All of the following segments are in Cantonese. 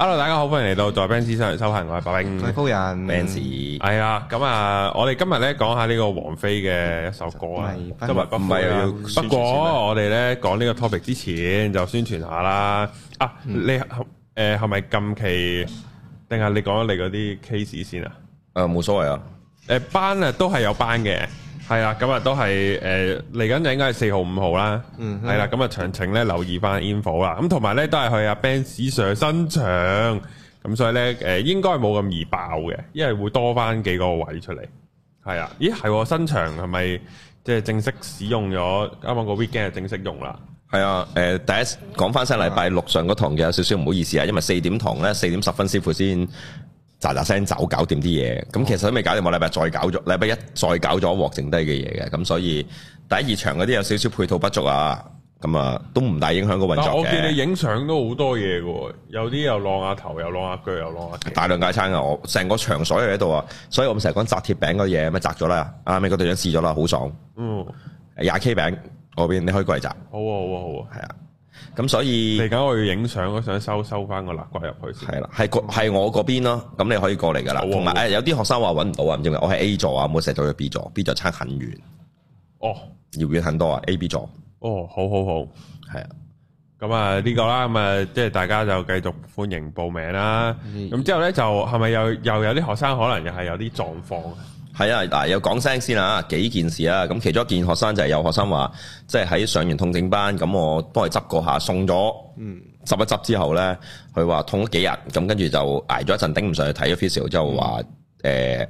hello，大家好，歡迎嚟到在 Benz 上修行，我係白兵，貴夫人，Benz，係啊，咁啊，我哋今日咧講下呢個王菲嘅一首歌啊，今日唔係又要，不過我哋咧講呢個 topic 之前就宣傳下啦。啊，你誒係咪近期定係你講咗你嗰啲 case 先啊？誒，冇所謂啊。誒，班啊，都係有班嘅。係、啊呃、啦，咁、嗯、哼啊都係誒，嚟緊就應該係四號五號啦。嗯，係啦，咁啊詳情咧留意翻 info 啦。咁同埋咧都係去阿 Ben 史上新場，咁所以咧誒應該冇咁易爆嘅，因為會多翻幾個位出嚟。係啊，咦係、啊，新場係咪即係正式使用咗？啱啱個 weekend 係正式用啦。係啊，誒、呃、第一講翻新禮拜六上嗰堂有少少唔好意思啊，因為四點堂咧四點十分師傅先。喳喳聲走，搞掂啲嘢，咁其實都未搞掂，我禮拜再搞咗，禮拜一再搞咗一鑊剩低嘅嘢嘅，咁所以第一二場嗰啲有少少配套不足啊，咁啊都唔大影響個運作。但係我見你影相都好多嘢嘅，有啲又晾下頭，又晾下腳，又晾下。大量加餐啊，我，成個場所又喺度啊，所以我成日講扎鐵餅嘅嘢咪扎咗啦，啊美國隊長試咗啦，好爽。嗯，廿 K 餅嗰邊你可以過嚟扎啊。好啊好啊好啊，係啊。咁所以嚟緊我要影相，我想收收翻個肋骨入去。係啦，係係我嗰邊咯。咁你可以過嚟噶啦。同埋誒，有啲學生話揾唔到啊，唔知係咪我係 A 座啊，冇寫到去 B 座，B 座差很遠。哦，遙遠很多啊，A、B 座。哦，好好好，係啊。咁啊，呢個啦，咁啊，即係大家就繼續歡迎報名啦。咁、嗯、之後咧就係、是、咪又又有啲學生可能又係有啲狀況？係啊，嗱，又講聲先啦，幾件事啊，咁其中一件學生就係有學生話，即係喺上完痛症班，咁我幫佢執過下，送咗，執一執之後呢，佢話痛咗幾日，咁跟住就挨咗一陣，頂唔上去睇咗 physio，就話誒，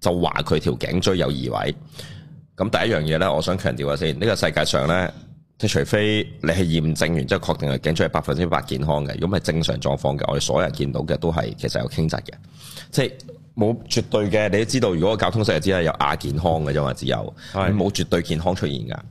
就話佢條頸椎有移位。咁第一樣嘢呢，我想強調下先，呢個世界上呢，即除非你係驗證完之後確定係頸椎係百分之百健康嘅，如果係正常狀況嘅，我哋所有人見到嘅都係其實有傾斜嘅，即係。冇絕對嘅，你都知道。如果我教通識，就知係有亞健康嘅，啫嘛？只有，係冇絕對健康出現噶。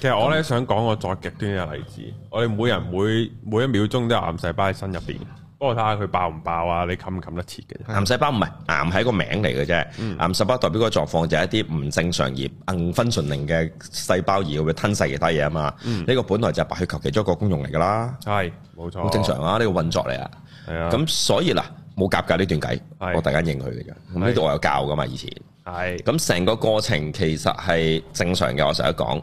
其實我咧想講個再極端嘅例子，我哋每人每每一秒鐘都有癌細胞喺身入邊，不過睇下佢爆唔爆啊，你冚唔冚得切嘅。癌細胞唔係癌，係一個名嚟嘅啫，癌細胞代表個狀況就係一啲唔正常而硬分純零嘅細胞而會吞噬其他嘢啊嘛。呢個本來就係白血球其中一個功用嚟噶啦，係冇錯，好正常啊，呢個運作嚟啊。係啊，咁所以啦。冇夾㗎呢段偈，的我大家認佢嘅。㗎的。呢度我有教噶嘛，以前。係的。咁成個過程其實係正常嘅。我成日講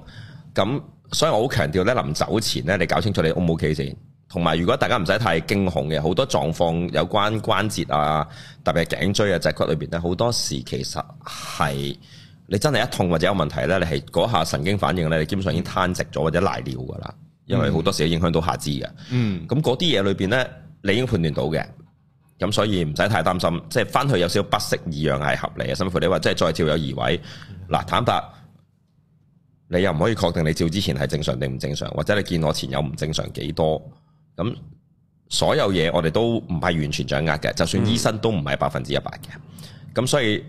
咁，所以我好強調呢臨走前呢，你搞清楚你 O 唔 O K 先。同埋，如果大家唔使太驚恐嘅，好多狀況有關關節啊，特別係頸椎啊、脊骨裏邊呢，好多時其實係你真係一痛或者有問題呢，你係嗰下神經反應呢，你基本上已經攤直咗或者瀨尿㗎啦。因為好多時影響到下肢嘅。嗯。咁嗰啲嘢裏邊呢，你已經判斷到嘅。咁所以唔使太擔心，即係翻去有少少不適異樣係合理嘅，甚至乎你話即係再照有移位，嗱、嗯、坦白，你又唔可以確定你照之前係正常定唔正常，或者你見我前有唔正常幾多，咁所有嘢我哋都唔係完全掌握嘅，就算醫生都唔係百分之一百嘅，咁所以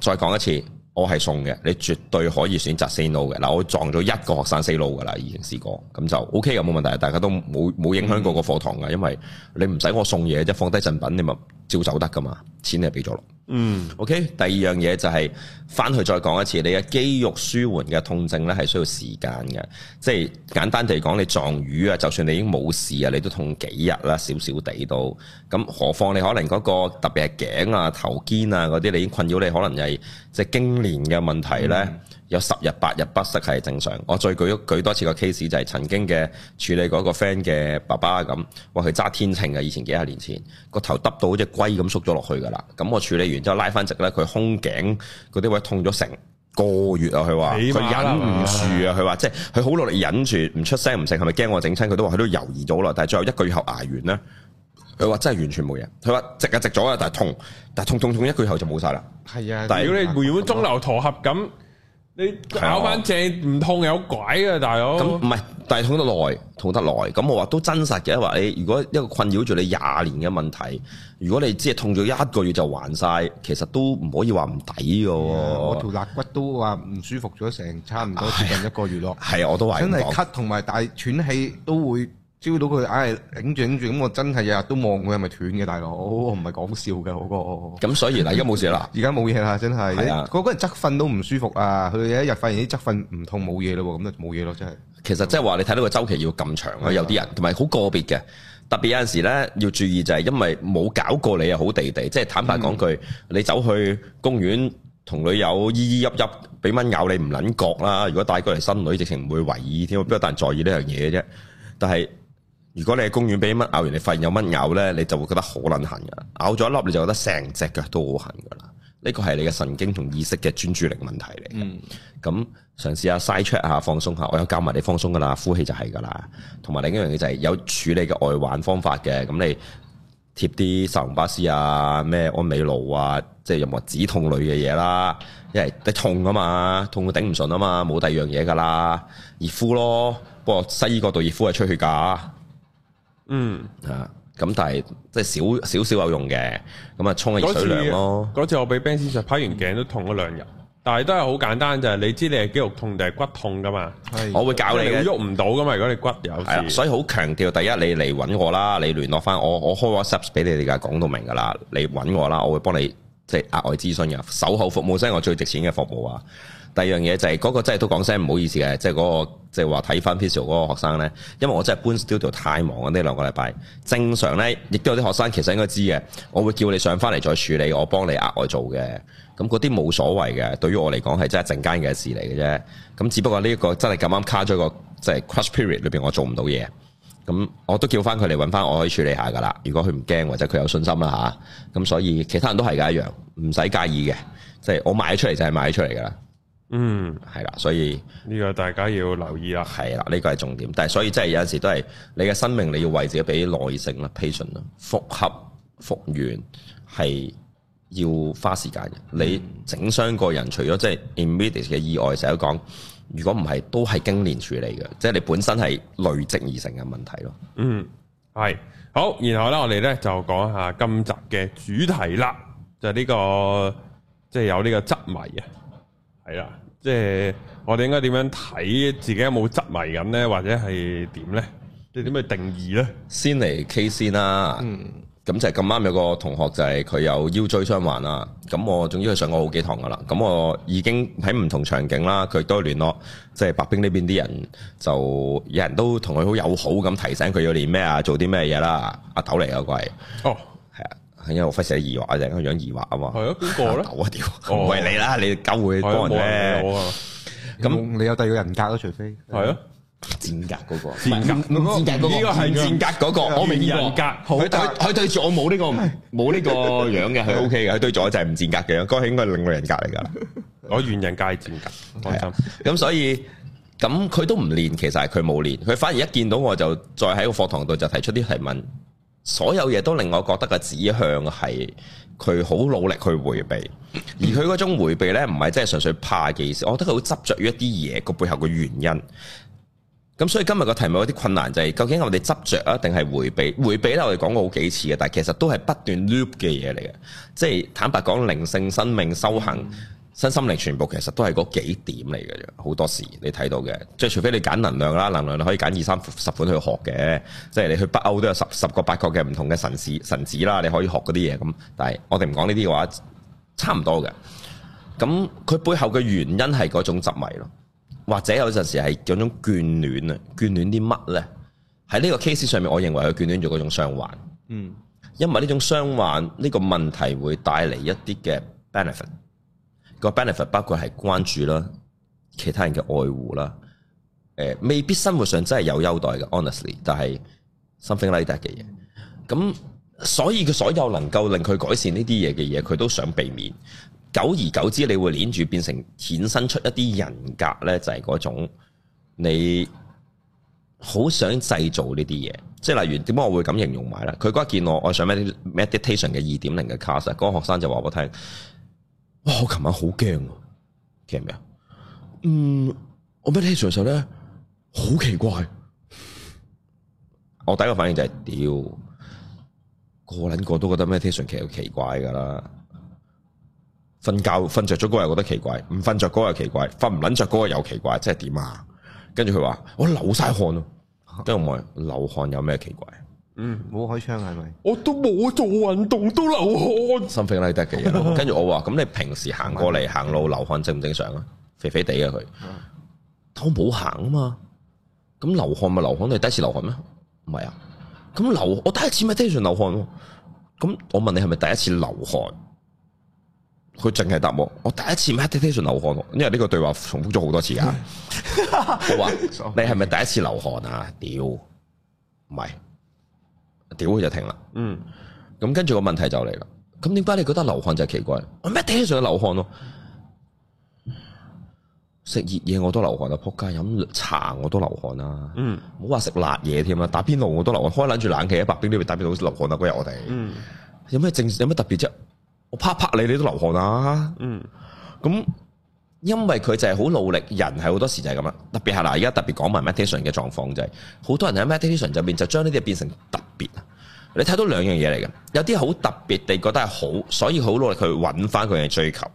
再講一次。我係送嘅，你絕對可以選擇 say no 嘅。嗱，我撞咗一個學生 say no 㗎喇，已經試過，咁就 OK 嘅，冇問題，大家都冇冇影響過個課堂嘅，因為你唔使我送嘢啫，放低贈品，你咪照走得㗎嘛，錢你係俾咗嗯，OK，第二樣嘢就係、是、翻去再講一次，你嘅肌肉舒緩嘅痛症呢，係需要時間嘅。即係簡單地講，你撞瘀啊，就算你已經冇事啊，你都痛幾日啦，少少地都。咁何況你可能嗰、那個特別係頸啊、頭肩啊嗰啲，你已經困擾你，可能係即係經年嘅問題呢。嗯有十日八日不適係正常。我再舉舉多次個 case 就係、是、曾經嘅處理過一個 friend 嘅爸爸咁，話佢揸天秤㗎，以前幾廿年前個頭耷到好似龜咁縮咗落去㗎啦。咁我處理完之後拉翻直咧，佢胸頸嗰啲位痛咗成個月啊，佢話佢忍唔住啊，佢話即係佢好努力忍住唔出聲唔食，係咪驚我整親佢都話佢都猶豫到啦。但係最後一個月後捱完咧，佢話真係完全冇嘢。佢話直啊直咗啊，但係痛，但係痛痛痛，痛一個月後就冇晒啦。係啊，但如果你如果中流陀合咁。你搞翻正唔痛有鬼啊，大佬！咁唔係，但係痛得耐，痛得耐。咁我話都真實嘅，因為誒，如果一個困擾住你廿年嘅問題，如果你只係痛咗一個月就還晒，其實都唔可以話唔抵噶。我條肋骨都話唔舒服咗成差唔多接近、哎、呀一個月咯。係，我都話真係咳同埋大喘氣都會。招到佢唉，影住影住，咁我真係日日都望佢，係咪斷嘅大佬？我唔係講笑嘅，嗰個。咁所以而家冇事啦。而家冇嘢啦，真係。嗰個人側瞓都唔舒服啊！佢一日發現啲側瞓唔痛冇嘢咯，咁就冇嘢咯，真係。其實即係話你睇到個週期要咁長啊，有啲人同埋好個別嘅，特別有陣時咧要注意就係因為冇搞過你啊，好地地，即係坦白講句，你走去公園同女友咿咿噏噏，俾蚊咬你唔捻覺啦。如果帶過嚟新女，直情唔會為意添，都係在意呢樣嘢嘅啫。但係。如果你喺公園俾乜咬完，你發現有蚊咬呢，你就會覺得好撚痕噶。咬咗一粒你就覺得成隻腳都好痕噶啦。呢個係你嘅神經同意識嘅專注力問題嚟。咁、嗯、嘗試下 side check 下，track，放鬆下。我有教埋你放鬆噶啦，呼氣就係噶啦。同埋、嗯、另一樣嘢就係有處理嘅外環方法嘅。咁你貼啲沙隆巴斯啊，咩安美露啊，即係任何止痛類嘅嘢啦。因為得痛啊嘛，痛到頂唔順啊嘛，冇第二樣嘢噶啦，熱敷咯。不過西醫嗰度熱敷係出血㗎。嗯，啊，咁但係即係少少少有用嘅，咁啊沖下水涼咯。嗰次，次我俾 Benz 先生拍完頸都痛咗兩日，但係都係好簡單就係你知你係肌肉痛定係骨痛噶嘛？係我會教你嘅，你喐唔到噶嘛？如果你骨有事，所以好強調第一，你嚟揾我啦，你聯絡翻我，我開 WhatsApp 俾你哋噶，講到明噶啦，你揾我啦，我會幫你即係額外諮詢嘅，售後服務先係我最值錢嘅服務啊。第二樣嘢就係、是、嗰、那個，真係都講聲唔好意思嘅。即係嗰個，即係話睇翻 Pistol 嗰個學生呢。因為我真係搬 studio 太忙啊。呢兩個禮拜正常呢亦都有啲學生其實應該知嘅。我會叫你上翻嚟再處理，我幫你額外做嘅。咁嗰啲冇所謂嘅，對於我嚟講係真係一陣間嘅事嚟嘅啫。咁只不過呢一個真係、就、咁、是、啱卡咗個即係 crush period 裏邊，我做唔到嘢。咁我都叫翻佢嚟揾翻我，可以處理下噶啦。如果佢唔驚或者佢有信心啦吓。咁、啊、所以其他人都係一樣，唔使介意嘅。即、就、係、是、我買出嚟就係買出嚟噶啦。嗯，係啦，所以呢個大家要留意啦，係啦，呢個係重點。但係所以真係有陣時都係你嘅生命，你要為自己俾耐性啦 patience 啦。複合復原係要花時間嘅。你整傷個人，除咗即係 immediate 嘅意外成日講，如果唔係都係經年處理嘅，即係你本身係累積而成嘅問題咯。嗯，係好，然後呢，我哋呢就講下今集嘅主題啦，就係呢個即係有呢個執迷啊。係啦，即係、就是、我哋應該點樣睇自己有冇執迷咁咧，或者係點咧？即係點樣去定義咧？先嚟 case 先啦。嗯，咁就係咁啱有個同學就係佢有腰椎傷患啦。咁我總之佢上過好幾堂噶啦。咁我已經喺唔同場景啦，佢都聯絡即係白兵呢邊啲人就有人都同佢好友好咁提醒佢要練咩啊，做啲咩嘢啦。阿豆嚟噶，佢哦。係因為我費事疑惑，就係個樣疑惑啊嘛。係啊，邊個咧？抖啊屌！唔係你啦，你救會多咧。咁你有第二個人格咯？除非係啊，賤格嗰個。賤格，呢個係賤格嗰個。我明人格，佢佢佢對住我冇呢個冇呢個樣嘅，佢 O K 嘅。佢對住我就係唔賤格嘅樣，嗰個應該係另類人格嚟噶啦。我軟人格，賤格。放心。咁所以咁佢都唔練，其實係佢冇練，佢反而一見到我就再喺個課堂度就提出啲提問。所有嘢都令我覺得個指向係佢好努力去回避，而佢嗰種迴避呢，唔係真係純粹怕嘅意思。我覺得佢好執着於一啲嘢個背後嘅原因。咁所以今日個題目有啲困難，就係，就係究竟我哋執着啊，定係回避？回避呢，我哋講過好幾次嘅，但係其實都係不斷 loop 嘅嘢嚟嘅。即係坦白講，靈性生命修行。身心靈全部其實都係嗰幾點嚟嘅啫，好多時你睇到嘅，即係除非你揀能量啦，能量你可以揀二三十款去學嘅，即係你去北歐都有十十個八個嘅唔同嘅神子神子啦，你可以學嗰啲嘢咁。但係我哋唔講呢啲嘅話，差唔多嘅。咁佢背後嘅原因係嗰種執迷咯，或者有陣時係嗰種眷戀啊，眷戀啲乜呢？喺呢個 case 上面，我認為佢眷戀咗嗰種傷患。嗯，因為呢種傷患呢、呢個問題會帶嚟一啲嘅 benefit。個 benefit 包括係關注啦，其他人嘅愛護啦，誒、呃、未必生活上真係有優待嘅，honestly，但係 something like that 嘅嘢。咁所以佢所有能夠令佢改善呢啲嘢嘅嘢，佢都想避免。久而久之，你會黏住變成衍生出一啲人格咧，就係、是、嗰種你好想製造呢啲嘢。即係例如點解我會咁形容埋啦？佢嗰日見我，我上 meditation 嘅二點零嘅 class，嗰、那個學生就話我聽。哇！我琴晚好驚，記唔記啊？嗯，我 meditation 時候咧，好奇怪。我第一個反應就係、是，屌，個撚個都覺得 meditation 其實好奇怪噶啦。瞓覺瞓着咗嗰日覺得奇怪，唔瞓着嗰日奇怪，瞓唔撚着嗰日又奇怪，即係點啊？跟住佢話我流晒汗啊！ 」跟住我問流汗有咩奇怪？嗯，冇開窗係咪？是是我都冇做運動都流汗，心肺拉得嘅。跟住我話咁，你平時行過嚟，行 路流汗正唔正常啊？肥肥地嘅，佢， 但我冇行啊嘛。咁流汗咪流汗，你第一次流汗咩？唔係啊。咁流我第一次咪第一次流汗咯。咁我問你係咪第一次流汗？佢淨係答我，我第一次咪第一次流汗咯。因為呢個對話重複咗好多次啊。我話 啊， 你係咪第一次流汗啊？屌，唔係。屌，佢就停啦，嗯，咁跟住個問題就嚟啦，咁點解你覺得流汗就係奇怪？我咩聽上去流汗咯？食熱嘢我都流汗啊，仆街飲茶我都流汗啊，汗啊，嗯，唔好話食辣嘢添啦，打邊爐我都流汗，開冷住冷氣喺、啊、白冰呢邊打邊爐流汗啊，日我哋，嗯，有咩正有咩特別啫、啊？我啪啪你你都流汗啊，嗯，咁。因為佢就係好努力，人係好多時就係咁啦。特別係嗱，而家特別講埋 meditation 嘅狀況就係、是，好多人喺 meditation 入面就，就將呢啲變成特別。你睇到兩樣嘢嚟嘅，有啲好特別地覺得係好，所以好努力去揾翻佢嘅追求。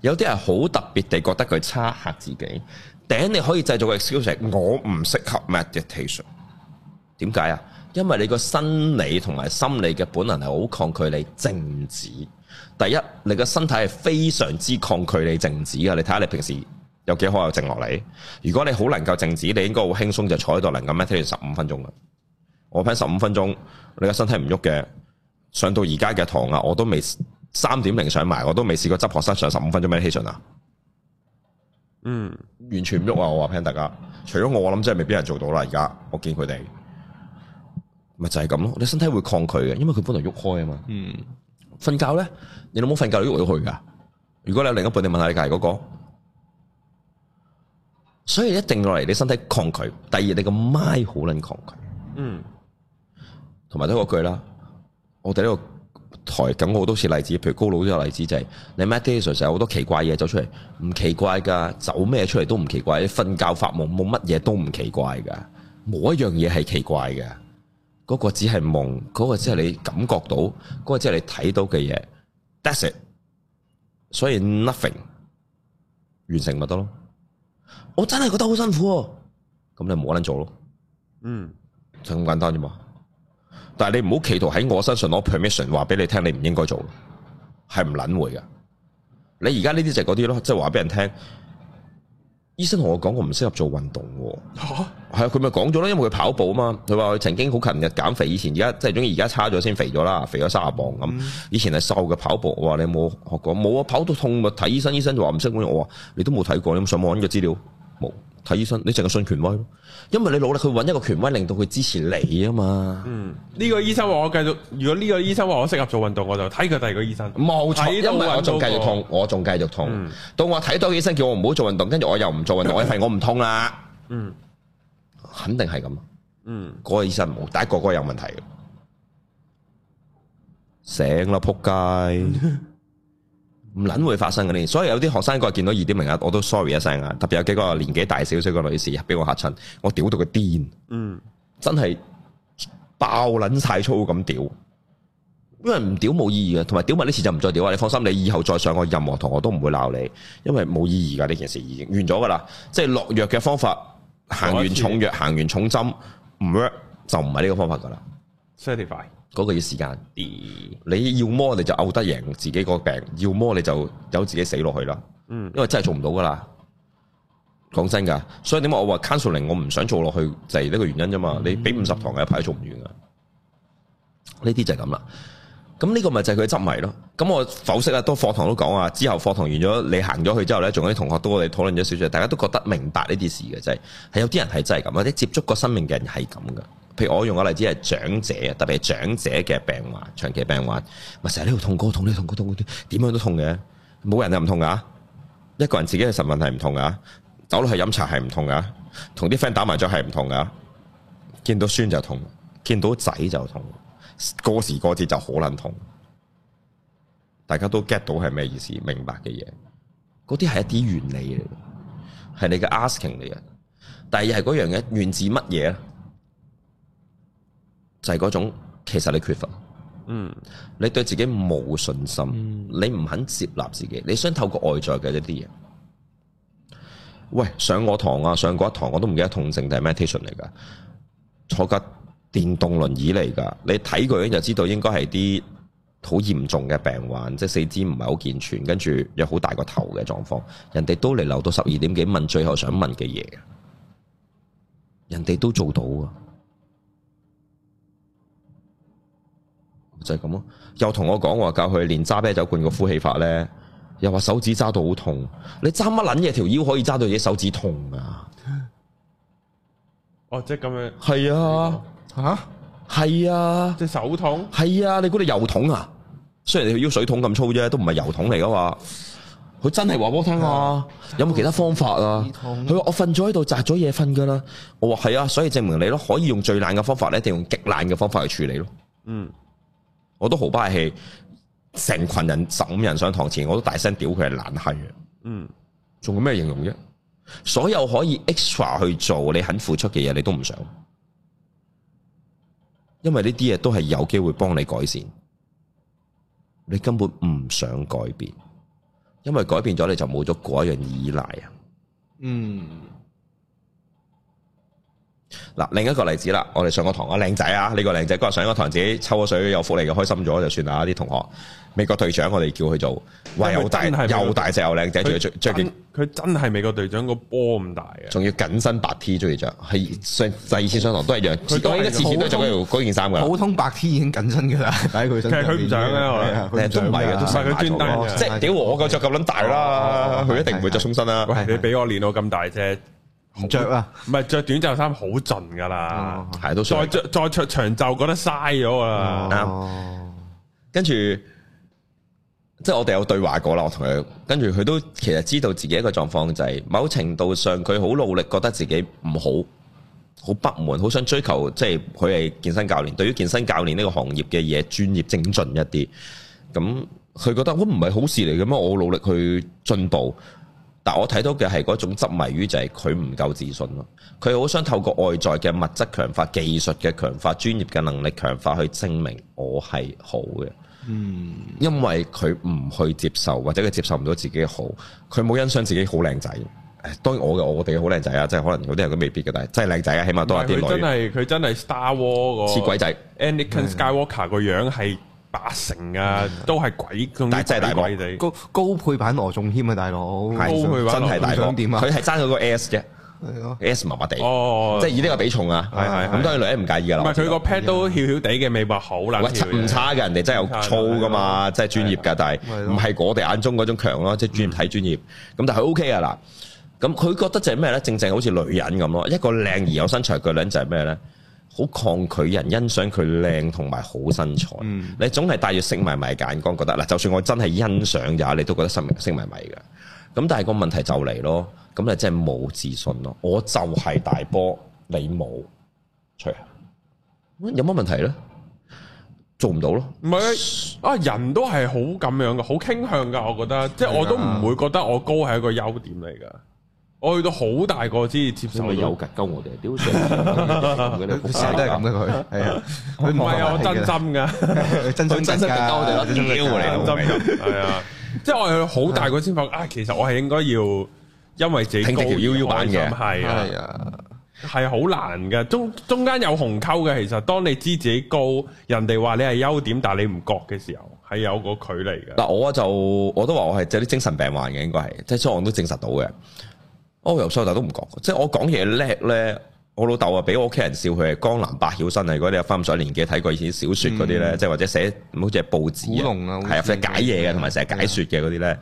有啲係好特別地覺得佢差嚇自己，頂你可以製造個 excuse，我唔適合 meditation。點解啊？因為你個生理同埋心理嘅本能係好抗拒你靜止。第一，你嘅身體係非常之抗拒你靜止嘅。你睇下你平時有幾可有靜落嚟。如果你好能夠靜止，你應該好輕鬆就坐喺度能夠 maintain 十五分鐘嘅。我 plan 十五分鐘，你嘅身體唔喐嘅。上到而家嘅堂啊，我都未三點零上埋，我都未試過執學生上十五分鐘 maintain 啊。嗯，完全唔喐啊！我話 plan 大家，除咗我，我諗真係未必有人做到啦。而家我見佢哋，咪就係咁咯。你身體會抗拒嘅，因為佢本來喐開啊嘛。嗯。瞓覺咧，你老母瞓覺喐都去噶。如果你有另一半，你問下你隔籬嗰個。所以一定落嚟，你身體抗拒。第二，你個脈好撚抗拒。嗯。同埋都嗰句啦，我哋呢個台梗好多次例子，譬如高佬呢個例子就係、是、你 meditation 成日好多奇怪嘢走出嚟，唔奇怪噶，走咩出嚟都唔奇怪。你瞓覺發夢冇乜嘢都唔奇怪噶，冇一樣嘢係奇怪噶。嗰個只係夢，嗰、那個即係你感覺到，嗰、那個即係你睇到嘅嘢。That's it。所以 nothing 完成咪得咯。我真係覺得好辛苦、哦，咁你冇得做咯。嗯，就咁簡單啫嘛。但係你唔好企圖喺我身上攞 permission，話俾你聽你唔應該做，係唔捻會噶。你而、就是、家呢啲就係嗰啲咯，即係話俾人聽。醫生同我講，我唔適合做運動喎、哦。啊蛤，佢咪講咗咯，因為佢跑步啊嘛。佢話佢曾經好勤日減肥，以前而家即係中而家差咗先肥咗啦，肥咗三十磅咁。嗯、以前係瘦嘅跑步，我話你冇學過，冇啊，跑到痛嘛。睇醫生，醫生就話唔適合我話，你都冇睇過，你上網揾個資料。冇睇醫生，你淨係信權威咯，因為你努力，去揾一個權威令到佢支持你啊嘛。嗯，呢、這個醫生話我繼續，如果呢個醫生話我適合做運動，我就睇佢第二個醫生。冇錯錯，因為我仲繼續痛，我仲繼續痛，嗯、到我睇到醫生叫我唔好做運動，跟住我又唔做運動，我係我唔痛啦。嗯，肯定係咁。嗯，嗰個醫生，唔好，第一個個有問題，醒啦撲街。 唔卵會發生㗎呢。所以有啲學生哥見到二點零啊，我都 sorry 一聲啊。特別有幾個年紀大少少嘅女士，俾我吓親，我屌到佢癲，嗯，真係爆卵晒粗咁屌，因為唔屌冇意義嘅，同埋屌埋呢次就唔再屌啊。你放心，你以後再上我任何同學都唔會鬧你，因為冇意義噶呢件事已經完咗噶啦。即係落藥嘅方法，行完重藥，行完重針唔 work 就唔係呢個方法噶啦。嗰個要時間，你要麼你就拗得贏自己個病，要麼你就由自己死落去啦。嗯，因為真係做唔到噶啦。講真噶，所以點解我話 counseling 我唔想做落去就係、是、呢個原因啫嘛。你俾五十堂嘅一排都做唔完噶。呢啲、嗯、就係咁啦。咁呢個咪就係佢執迷咯。咁我否釋啦，都課堂都講啊。之後課堂完咗，你行咗去之後呢，仲有啲同學都我哋討論咗少少，大家都覺得明白呢啲事嘅，就係、是、係有啲人係真係咁，或者接觸過生命嘅人係咁噶。譬如我用個例子係長者，特別係長者嘅病患，長期病患，咪成日呢度痛嗰痛，呢度痛嗰痛嗰啲，點樣都痛嘅，冇人係唔痛噶，一個人自己去食飯係唔痛噶，走落去飲茶係唔痛噶，同啲 friend 打麻雀係唔痛噶，見到孫就痛，見到仔就痛，過時過節就好撚痛，大家都 get 到係咩意思，明白嘅嘢，嗰啲係一啲原理嚟嘅，係你嘅 asking 嚟嘅，第二係嗰樣嘢源自乜嘢咧？就係嗰種，其實你缺乏，嗯，你對自己冇信心，嗯、你唔肯接納自己，你想透過外在嘅一啲嘢。喂，上我堂啊，上嗰一堂我都唔記得，痛症定係 meditation 嚟噶，坐架電動輪椅嚟噶，你睇佢樣就知道應該係啲好嚴重嘅病患，即係四肢唔係好健全，跟住有好大個頭嘅狀況。人哋都嚟留到十二點幾問最後想問嘅嘢，人哋都做到啊！就係咁咯，又同我講話教佢連揸啤酒罐個呼氣法咧，又話手指揸到好痛。你揸乜捻嘢條腰可以揸到自己手指痛啊？哦，即係咁樣。係啊，吓，係啊，只、啊啊、手痛。係啊，你估你油桶啊？雖然你條腰水桶咁粗啫，都唔係油桶嚟噶嘛。佢真係話俾我聽啊。啊，有冇其他方法啊？痛。佢話我瞓咗喺度砸咗嘢瞓噶啦。我話係啊，所以證明你咯，可以用最難嘅方法咧，一定用極難嘅方法去處理咯。嗯。我都毫不客氣，成群人十五人上堂前，我都大聲屌佢係懶閪啊！嗯，仲有咩形容啫？所有可以 extra 去做，你肯付出嘅嘢，你都唔想，因為呢啲嘢都係有機會幫你改善，你根本唔想改變，因為改變咗你就冇咗嗰樣依賴啊！嗯。嗱，另一個例子啦，我哋上個堂個靚仔啊，呢個靚仔今日上個堂自己抽咗水，有福利嘅開心咗就算啦。啲同學美國隊長，我哋叫佢做，又大又大隻又靚仔，仲要着件，佢真係美國隊長個波咁大嘅，仲要緊身白 T 中意着，係上第二次上堂都係一樣，當然一次次都着嗰條嗰件衫嘅。普通白 T 已經緊身噶啦，喺佢其實佢唔着嘅，我哋都唔係嘅，佢專登。即係屌，我夠着咁撚大啦，佢一定唔會着鬆身啦。喂，你俾我練到咁大啫。着啊，唔係着短袖衫好盡噶啦，係都、嗯嗯、再着再着長袖覺得嘥咗啊，跟住即係我哋有對話過啦，我同佢，跟住佢都其實知道自己一個狀況，就係某程度上佢好努力，覺得自己唔好好不滿，好想追求即係佢係健身教練，對於健身教練呢個行業嘅嘢專業精進一啲。咁佢覺得我唔係好事嚟噶咩？好，我努力去進步。但我睇到嘅係嗰種執迷於就係佢唔夠自信咯，佢好想透過外在嘅物質強化、技術嘅強化、專業嘅能力強化去證明我係好嘅。嗯，因為佢唔去接受或者佢接受唔到自己好，佢冇欣賞自己好靚仔。當然我嘅我哋好靚仔啊，即係可能有啲人都未必嘅，但係真係靚仔啊，起碼都係啲佢真係佢真係 Star War 個黐鬼仔，Anakin Skywalker 個樣係。八成啊，都係鬼，真係大鑊地高高配版羅仲謙啊，大佬高配版羅仲謙點啊？佢係爭咗個 S 啫，S 麻麻地，即係以呢個比重啊，咁當然女人唔介意噶。唔係佢個 pad 都翹翹地嘅，咪話好啦。唔差嘅，人哋真係有粗噶嘛，即係專業嘅，但係唔係我哋眼中嗰種強咯，即係專業睇專業。咁但係 O K 噶嗱，咁佢覺得就係咩咧？正正好似女人咁咯，一個靚而有身材嘅女人就係咩咧？好抗拒人欣賞佢靚同埋好身材，嗯、你總係帶住色迷迷嘅眼光覺得嗱，就算我真係欣賞嘅，你都覺得色迷色迷迷嘅。咁但係個問題就嚟咯，咁你真係冇自信咯。我就係大波，你冇，除下、啊、有乜問題呢？做唔到咯？唔係啊，嘶人都係好咁樣嘅，好傾向㗎。我覺得即係的我都唔會覺得我高係一個優點嚟㗎。我去到好大個先接受，有格救我哋，屌死！成日都係咁嘅佢，係啊，佢唔係啊，我真心噶，真心佢真心救我哋係啊，即係我去到好大個先發覺，啊，其實我係應該要因為自己高，U U 版嘅，係啊，係好難嘅，中中間有鴻溝嘅。其實當你知自己高，人哋話你係優點，但係你唔覺嘅時候，係有個距離嘅。嗱，我就我都話我係有啲精神病患嘅，應該係，即係所以我都證實到嘅。我、哦、由細到大都唔講，即係我講嘢叻咧，我老豆啊俾我屋企人笑佢係江南百曉生啊！如果你有翻咁上下年紀睇過以前小説嗰啲咧，嗯、即係或者寫好似係報紙啊，係啊，寫解嘢嘅同埋成日解説嘅嗰啲咧，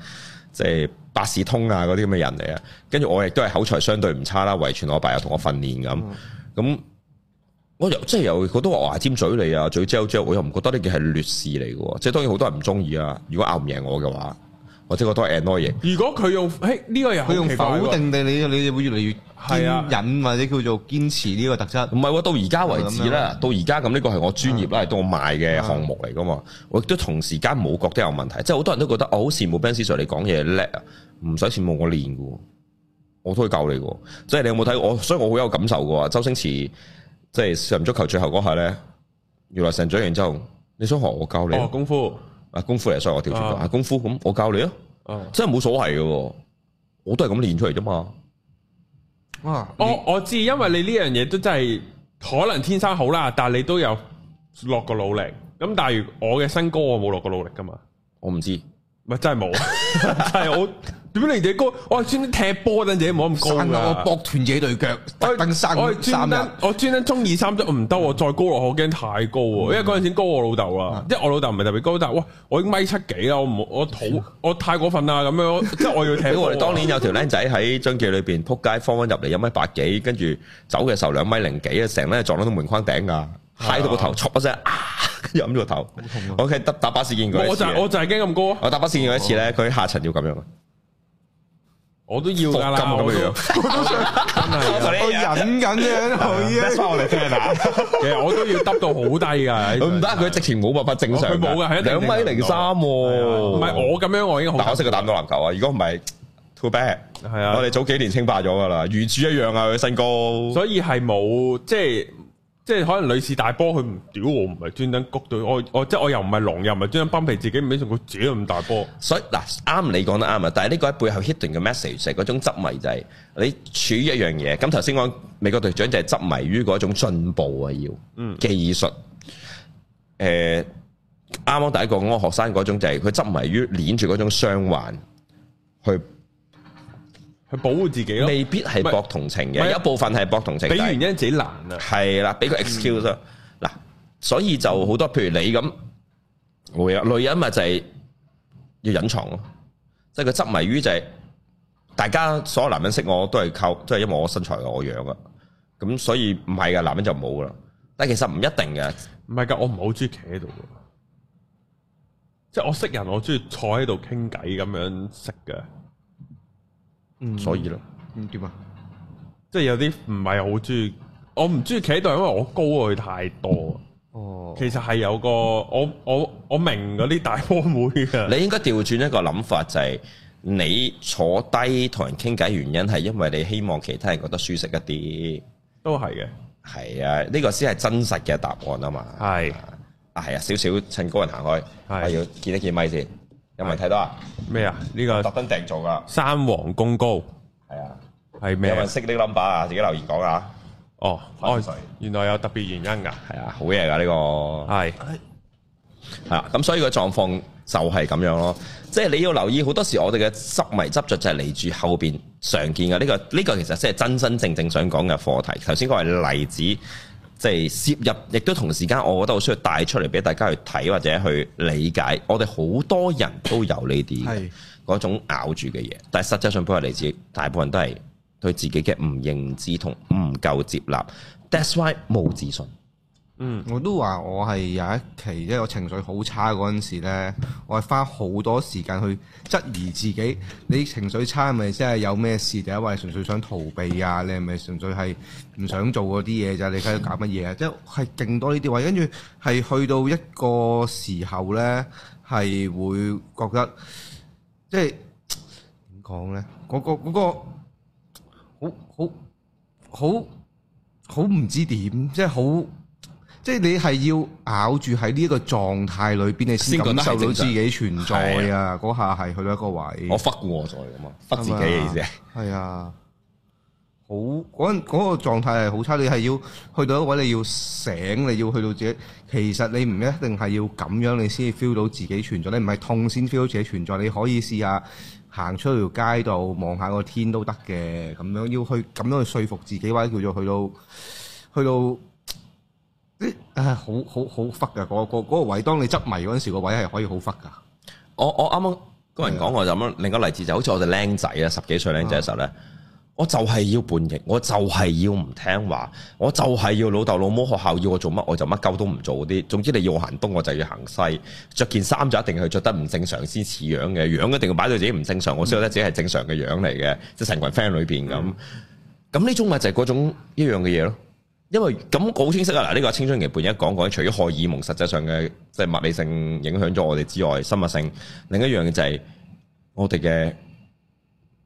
即係百事通啊嗰啲咁嘅人嚟啊！跟住我亦都係口才相對唔差啦，遺傳我爸又同我訓練咁，咁、嗯、我又即係由好多話牙尖嘴利啊，嘴嚼嚼，我又唔覺得呢件係劣事嚟嘅，即係當然好多人唔中意啊！如果拗唔贏我嘅話。我即係都覺得係 annoying。如果佢用誒呢、呢個人，佢用否定嘅、這個、你，你哋會越嚟越堅忍是、啊、或者叫做堅持呢個特質。唔係喎，到而家為止啦，到而家咁呢個係我專業啦，係、啊、我賣嘅項目嚟噶嘛。我亦都同時間冇覺得有問題。即係好多人都覺得我好羨慕 Ben Sir 你講嘢叻啊，唔使羨慕我練嘅喎，我都會教你嘅喎。即係你有冇睇我？所以我好有感受嘅喎。周星馳即係上足球最後嗰下咧，原來成咗人之後，你想學我教你、哦、功夫。功夫嚟，所以我跳轉咗。功夫咁，我，啊啊、夫我教你啊，真係冇所謂嘅，我都係咁練出嚟啫嘛。啊，我、哦、我知，因為你呢樣嘢都真係可能天生好啦，但係你都有落過努力。咁但係如我嘅身高我冇落過努力噶嘛？我唔知，唔係真係冇，係好 我。 點解你哋高？我專登踢波嗰陣，自己冇咁高，我駁斷自己對腳。我專登，我專登中二三足。唔得，我再高落，我驚太高。嗯、因為嗰陣時高我老豆啊，即係、嗯、我老豆唔係特別高，但係喂，我已經米七幾啦。我唔，我肚，我太過分啦。咁樣，即係我要踢。 我哋當年有條僆仔喺張記裏邊扑街放，方方入嚟，一米八幾，跟住走嘅時候兩米零幾啊，成日撞到門框頂啊，揩到個頭，嚓、啊嗯、一聲，跟住揼住個頭。O K，搭搭巴士見佢。我就我就係驚咁高。我搭巴士見過一次咧，佢、就是、下層要咁樣。我都要噶啦，我都想，真係我忍緊啫，可以拋我嚟聽啊。其實我都要耷到好低噶，唔得，佢直情冇辦法正常。佢冇嘅，兩米零三，唔係我咁樣，我已經。好係我識佢打唔到籃球啊，如果唔係，too bad。係啊，我哋早幾年稱霸咗噶啦，如柱一樣啊，佢身高。所以係冇即係。即係可能女士大波佢唔屌我唔係專登谷到我我，我即係我又唔係狼又唔係專登崩皮自己唔俾佢自己咁大波。所以嗱啱你講得啱啊！但係呢個喺背後 hidden 嘅 message 係嗰種執迷就係你處於一樣嘢。咁頭先講美國隊長就係執迷於嗰種進步啊要、嗯、技術。誒、呃，啱啱第一個我學生嗰種就係佢執迷於鏈住嗰種雙環去。去保護自己咯，未必係博同情嘅，是有一部分係博同情。俾是但原因自己難啊，係啦，俾個 excuse 啫、嗯。嗱，所以就好多，譬如你咁，會啊，女人咪就係要隱藏咯，即係佢執迷於就係、是、大家所有男人識我都係靠，即係因為我身材同我樣啊。咁所以唔係噶，男人就冇噶啦。但係其實唔一定嘅，唔係噶，我唔係好中意企喺度嘅，即、就、係、是、我識人，我中意坐喺度傾偈咁樣識嘅。所以啦、嗯，點、嗯、啊？即係有啲唔係好中意，我唔中意企喺度，因為我高佢太多。哦，其實係有個我我我明嗰啲大波妹噶。你應該調轉一個諗法，就係、係、你坐低同人傾偈，原因係因為你希望其他人覺得舒適一啲。都係嘅。係啊，呢、呢個先係真實嘅答案啊嘛。係啊，係啊，少少、啊、趁高人行開，係係要見一見咪先。有冇人睇到啊？咩、這個、啊？呢個特登訂做噶，山王公高係啊，係咩？有冇人識呢 number 啊？自己留言講啊！哦，水哦，原來有特別原因噶，係啊，好嘢噶呢個係係啦，咁是、啊、所以個狀況就係咁樣咯。即、就、係、是、你要留意，好多時我哋嘅執迷執着就係嚟住後邊常見嘅呢、這個，呢、這個其實先係真真正正，正想講嘅課題。頭先嗰個係例子。即係涉入，亦都同時間，我覺得我需要帶出嚟俾大家去睇或者去理解。我哋好多人都有呢啲嗰種咬住嘅嘢，但係實際上本來嚟自大部分都係對自己嘅唔認知同唔夠接納。嗯、That's why，冇自信。嗯，我都話我係有一期，即係我情緒好差嗰陣時咧，我係花好多時間去質疑自己。你情緒差係咪即係有咩事？定係純粹想逃避啊？你係咪純粹係唔想做嗰啲嘢就啫？你喺度搞乜嘢啊？即係勁多呢啲話。跟住係去到一個時候咧，係會覺得即係點講咧？嗰個嗰個好好好好唔知點，即係、嗰個嗰個、好。好好即係你係要咬住喺呢一個狀態裏邊，你先感受到自己存在啊！嗰下係去到一個位，我忽過我在咁啊，忽自己嘅意思係啊，好嗰嗰個狀態係好差。你係要去到一位，你要醒，你要去到自己。其實你唔一定係要咁樣，你先 feel 到自己存在。你唔係痛先 feel 到自己存在。你可以試下行出條街度望下個天都得嘅咁樣。要去咁樣去說服自己，或者叫做去到去到。啲好好好忽嘅，嗰、嗰個位，當你執迷嗰陣時，個位係可以好忽噶。我我啱啱嗰人講我就咁樣，的另一個例子就好似我哋僆仔啊，十幾歲僆仔嘅時候咧、啊，我就係要叛逆，我就係要唔聽話，我就係要老豆老母學校要我做乜，我就乜鳩都唔做啲。總之你要我行東，我就要行西。着件衫就一定係着得唔正常先似樣嘅，樣一定要擺到自己唔正常，嗯、我先覺得自己係正常嘅樣嚟嘅。即係成羣 friend 裏邊咁，咁呢、嗯、種咪就係嗰種一樣嘅嘢咯。因為咁好清晰啊！嗱，呢個青春期本一講講，除咗荷爾蒙實際上嘅，即係物理性影響咗我哋之外，生物性另一樣嘅就係我哋嘅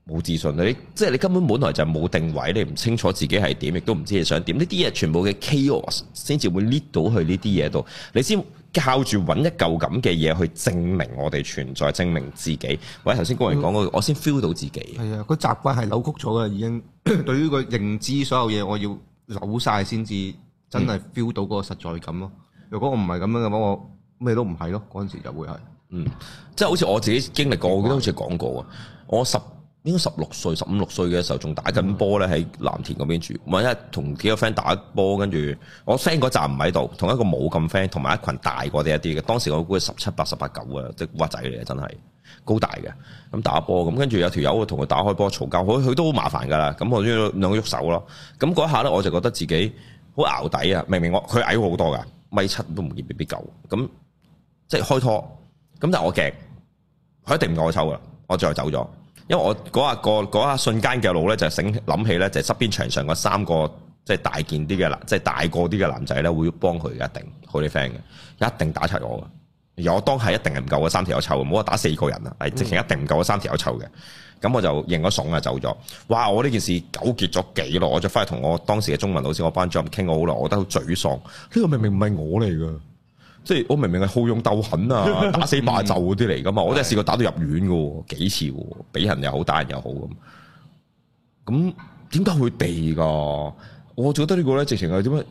冇自信，你即係你根本本來就冇定位，你唔清楚自己係點，亦都唔知你想點。呢啲嘢全部嘅 chaos 先至會 lead 到去呢啲嘢度，你先靠住揾一舊咁嘅嘢去證明我哋存在，證明自己。或者頭先工人講嗰句，我先 feel 到自己。係啊，個習慣係扭曲咗嘅，已經對於個認知所有嘢，我要。扭晒先至真係 feel 到嗰個實在感咯。如果我唔係咁樣嘅話，我咩都唔係咯。嗰陣時就會係，嗯，即係好似我自己經歷過，我記得好似講過啊。我十應該十六歲，十五六歲嘅時候仲打緊波咧，喺藍田嗰邊住。我一係同幾個 friend 打波，跟住我 friend 嗰集唔喺度，同一個冇咁 friend，同埋一群大過我一啲嘅。當時我估佢十七八、十八九啊，即係古惑仔嚟嘅，真係。高大嘅，咁打波，咁跟住有條友會同佢打開波嘈交，佢佢都好麻煩噶啦，咁我都要兩喐手咯。咁嗰一下呢，我就覺得自己好淆底啊！明明我佢矮好多噶，米七都唔見，未必夠。咁即係開拖，咁但係我勁，佢一定唔夠我抽噶，我最後走咗。因為我嗰下個嗰下瞬間嘅腦呢，就醒諗起呢，就側邊牆上嗰三個即係大件啲嘅男，即係大個啲嘅男仔呢，會幫佢一定好啲 friend 嘅，一定打齊我我當係一定係唔夠嘅三條友湊，唔好話打四個人啊！直情一定唔夠嘅三條友湊嘅，咁我就認咗慫啊走咗。哇！我呢件事糾結咗幾耐，我就翻去同我當時嘅中文老師、我班主任傾好耐，我覺得好沮喪。呢個 明明唔係我嚟噶，即係我明明係好勇鬥狠啊，打死霸就嗰啲嚟噶嘛！ 嗯、我真係試過打到入院嘅幾次，畀人又好，打人又好咁。咁點解會避㗎？我覺得呢個咧，直情係點樣？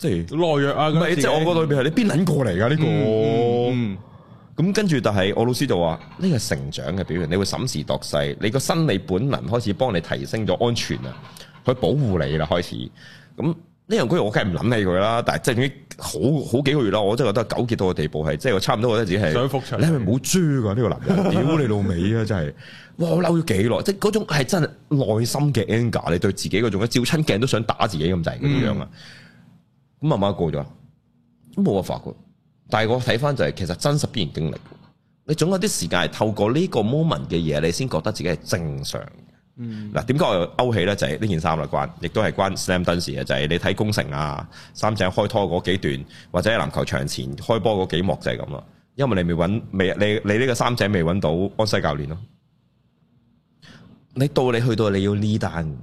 即係懦弱啊！咁咪即係我嗰個表現，係你邊撚過嚟噶？呢個？咁跟住，但、嗯、係、嗯、我老師就話：呢個成長嘅表現，你會審時度勢，你個生理本能開始幫你提升咗安全啦，去保護你啦。開始咁呢樣嘢，我梗係唔諗起佢啦。但係即係好好幾個月啦，我真係覺得糾結到個地步，係即係我差唔多，覺得自己係想復仇。你係咪冇豬噶呢個男人？屌你老味啊！真係 哇！我嬲咗幾耐，即係嗰種係真係內心嘅 anger，你對自己嗰種，照親鏡都想打自己咁就係咁樣啊！嗯咁慢慢過咗，都冇乜發覺。但係我睇翻就係，其實真實必然經歷。你總有啲時間係透過呢個 moment 嘅嘢，你先覺得自己係正常嘅。嗱、嗯，點解我勾起咧？就係、是、呢件衫啦，關亦都係關 Slam Dunk 事嘅。就係你睇工城啊，三井開拖嗰幾段，或者係籃球場前開波嗰幾幕就係咁啦。因為你未揾未，你你呢個三井未揾到安西教練咯、啊。你到你去到你要呢單，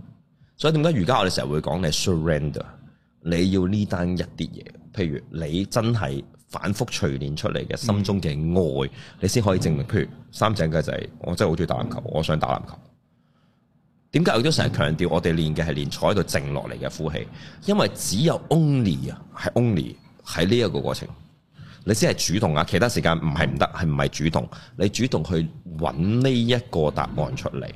所以點解而家我哋成日會講你 surrender？你要呢單一啲嘢，譬如你真係反覆錘煉出嚟嘅心中嘅愛，嗯、你先可以證明。譬如三井雞仔，就係，我真係好中意打籃球，我想打籃球。點解、嗯、我都成日強調我哋練嘅係練坐喺度靜落嚟嘅呼氣，因為只有 only 啊，係 only 喺呢一個過程，你先係主動啊。其他時間唔係唔得，係唔係主動，你主動去揾呢一個答案出嚟。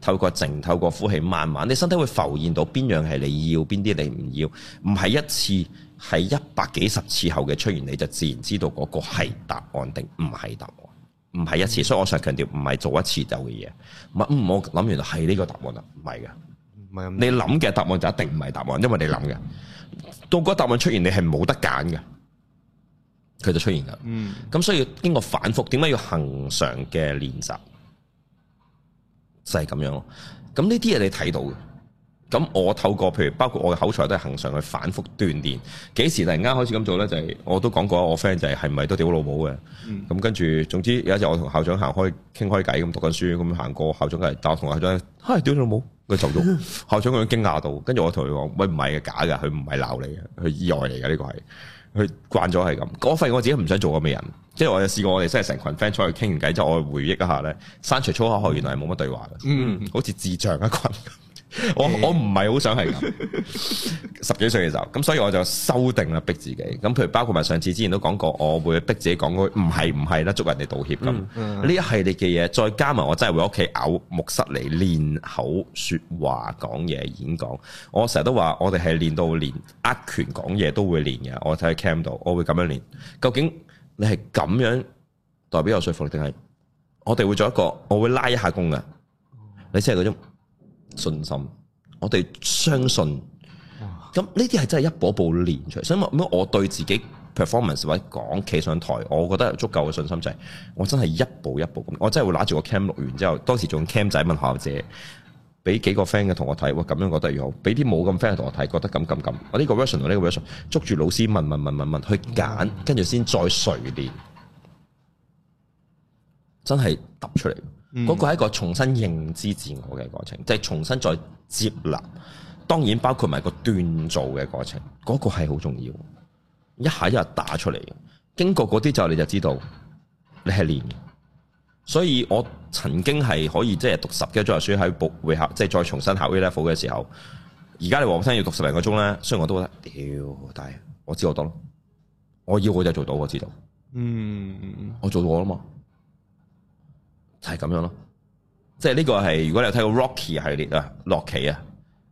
透過靜，透過呼氣，慢慢，你身體會浮現到邊樣係你要，邊啲你唔要，唔係一次，係一百幾十次後嘅出現，你就自然知道嗰個係答案定唔係答案，唔係一次，嗯，所以我常強調，唔係做一次就嘅嘢。唔好諗，原來係呢個答案啦，唔係嘅，唔係。你諗嘅答案就一定唔係答案，因為你諗嘅到個答案出現，你係冇得揀嘅，佢就出現嘅。嗯，咁所以經過反覆，點解要恒常嘅練習？就係咁樣咯，咁呢啲嘢你睇到嘅，咁我透過譬如包括我嘅口才都係行上去反覆鍛鍊，幾時突然間開始咁做咧？就係、是、我都講過，我 friend 就係係唔係都屌老母嘅，咁、嗯、跟住總之有一日我同校長行開傾開偈，咁讀緊書咁行過校長隔籬，我同校長嗨屌老母，佢嘈咗，校長佢 驚訝到，跟住我同佢講，喂，唔係嘅，假噶，佢唔係鬧你嘅，佢意外嚟嘅，呢個係佢慣咗係咁，我發現我自己唔想做咁嘅人。即係我有試過，我哋真係成群 friend 出去傾完偈之後，我回憶一下咧，刪除粗口後原來係冇乜對話嘅，嗯，好似智障一羣。我我唔係好想係咁，十幾歲嘅時候。咁所以我就修定啦，逼自己。咁譬如包括埋上次之前都講過，我會逼自己講句唔係唔係啦，祝人哋道歉咁。呢一系列嘅嘢，再加埋我真係會喺屋企咬木塞嚟練口説話講嘢演講。我成日都話我哋係練到連握拳講嘢都會練嘅。我睇喺 cam 度，我會咁樣練。究竟？你係咁樣代表有說服力，定係我哋會做一個，我會拉一下弓嘅。你先係嗰種信心，我哋相信。咁呢啲係真係一步一步練出嚟，所以我對自己 performance 或者講企上台，我覺得有足夠嘅信心就係，我真係一步一步，我真係會拿住個 cam 錄完之後，當時仲 cam 仔問學校姐。俾幾個 friend 嘅同學睇，哇咁樣覺得越好；俾啲冇咁 friend 嘅同學睇，覺得咁咁咁。我呢、啊呢個 version 同呢個 version，捉住老師問問問問問問，去揀，跟住先再錘煉，真係揼出嚟。嗰、嗯、個係一個重新認知自我嘅過程，即係重新再接納。當然包括埋個鍛造嘅過程，嗰個係好重要。一下一下打出嚟，經過嗰啲就你就知道你係練。所以我曾經係可以即係讀十幾鐘書喺補會考，即係再重新考 A level 嘅時候。而家你話我聽要讀十零個鐘咧，雖然我都覺得屌，但係我知我得咯。我要我就做到，我知道。嗯，我做過啊嘛，就係、是、咁樣咯。即係呢個係如果你有睇過 Rocky 系列啊，洛奇啊